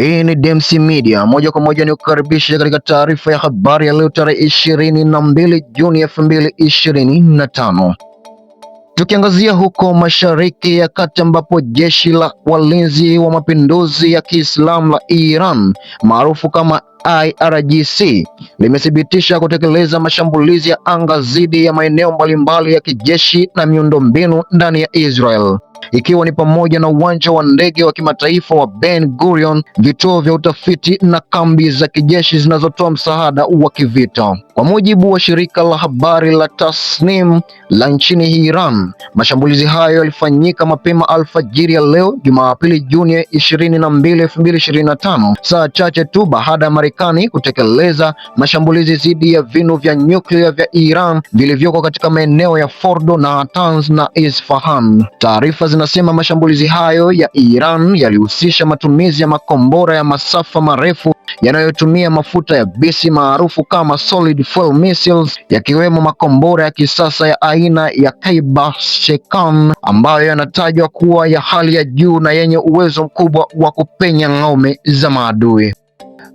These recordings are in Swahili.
Hii ni Dems Media moja kwa moja, ni kukaribisha katika taarifa ya habari ya leo tarehe ishirini na mbili Juni elfu mbili ishirini na tano tukiangazia huko Mashariki ya Kati ambapo jeshi la walinzi wa mapinduzi ya Kiislamu la Iran maarufu kama IRGC limethibitisha kutekeleza mashambulizi ya anga dhidi ya maeneo mbalimbali ya kijeshi na miundombinu ndani ya Israel ikiwa ni pamoja na uwanja wa ndege wa kimataifa wa Ben Gurion, vituo vya utafiti na kambi za kijeshi zinazotoa msaada wa kivita. Kwa mujibu wa shirika la habari la Tasnim la nchini Iran, mashambulizi hayo yalifanyika mapema alfajiri ya leo Jumapili, Juni 22, 2025, saa chache tu baada ya Marekani kutekeleza mashambulizi dhidi ya vinu vya nyuklia vya Iran vilivyoko katika maeneo ya Fordo na Natanz na Isfahan. Taarifa zinasema mashambulizi hayo ya Iran yalihusisha matumizi ya makombora ya masafa marefu yanayotumia mafuta ya bisi maarufu kama solid fuel missiles, yakiwemo makombora ya kisasa ya aina ya Kaiba Shekan ambayo yanatajwa kuwa ya hali ya juu na yenye uwezo mkubwa wa kupenya ngome za maadui.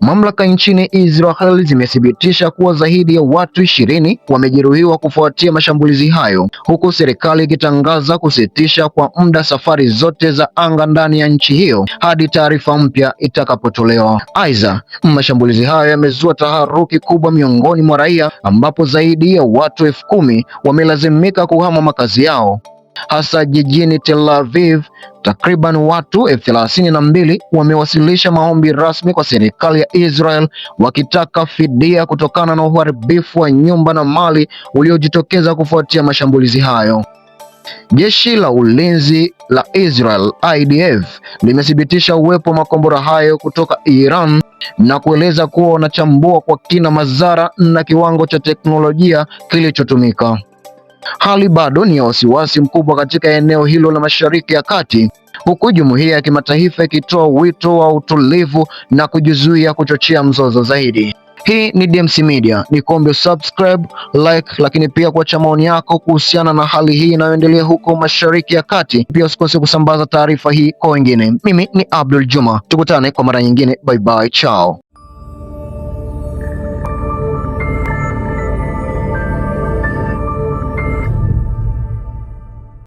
Mamlaka nchini Israel zimethibitisha kuwa zaidi ya watu ishirini wamejeruhiwa kufuatia mashambulizi hayo, huku serikali ikitangaza kusitisha kwa muda safari zote za anga ndani ya nchi hiyo hadi taarifa mpya itakapotolewa. Aidha, mashambulizi hayo yamezua taharuki kubwa miongoni mwa raia, ambapo zaidi ya watu elfu kumi wamelazimika kuhama makazi yao hasa jijini Tel Aviv. Takriban watu elfu thelathini na mbili wamewasilisha maombi rasmi kwa serikali ya Israel wakitaka fidia kutokana na uharibifu wa nyumba na mali uliojitokeza kufuatia mashambulizi hayo. Jeshi la ulinzi la Israel IDF limethibitisha uwepo wa makombora hayo kutoka Iran na kueleza kuwa wanachambua kwa kina madhara na kiwango cha teknolojia kilichotumika. Hali bado ni ya wasiwasi mkubwa katika eneo hilo la Mashariki ya Kati, huku jumuiya ya kimataifa ikitoa wito wa utulivu na kujizuia kuchochea mzozo zaidi. Hii ni DMC Media, ni kuombe subscribe, like, lakini pia kuacha maoni yako kuhusiana na hali hii inayoendelea huko Mashariki ya Kati. Pia usikose kusambaza taarifa hii kwa wengine. Mimi ni Abdul Juma, tukutane kwa mara nyingine. Bye bye, chao.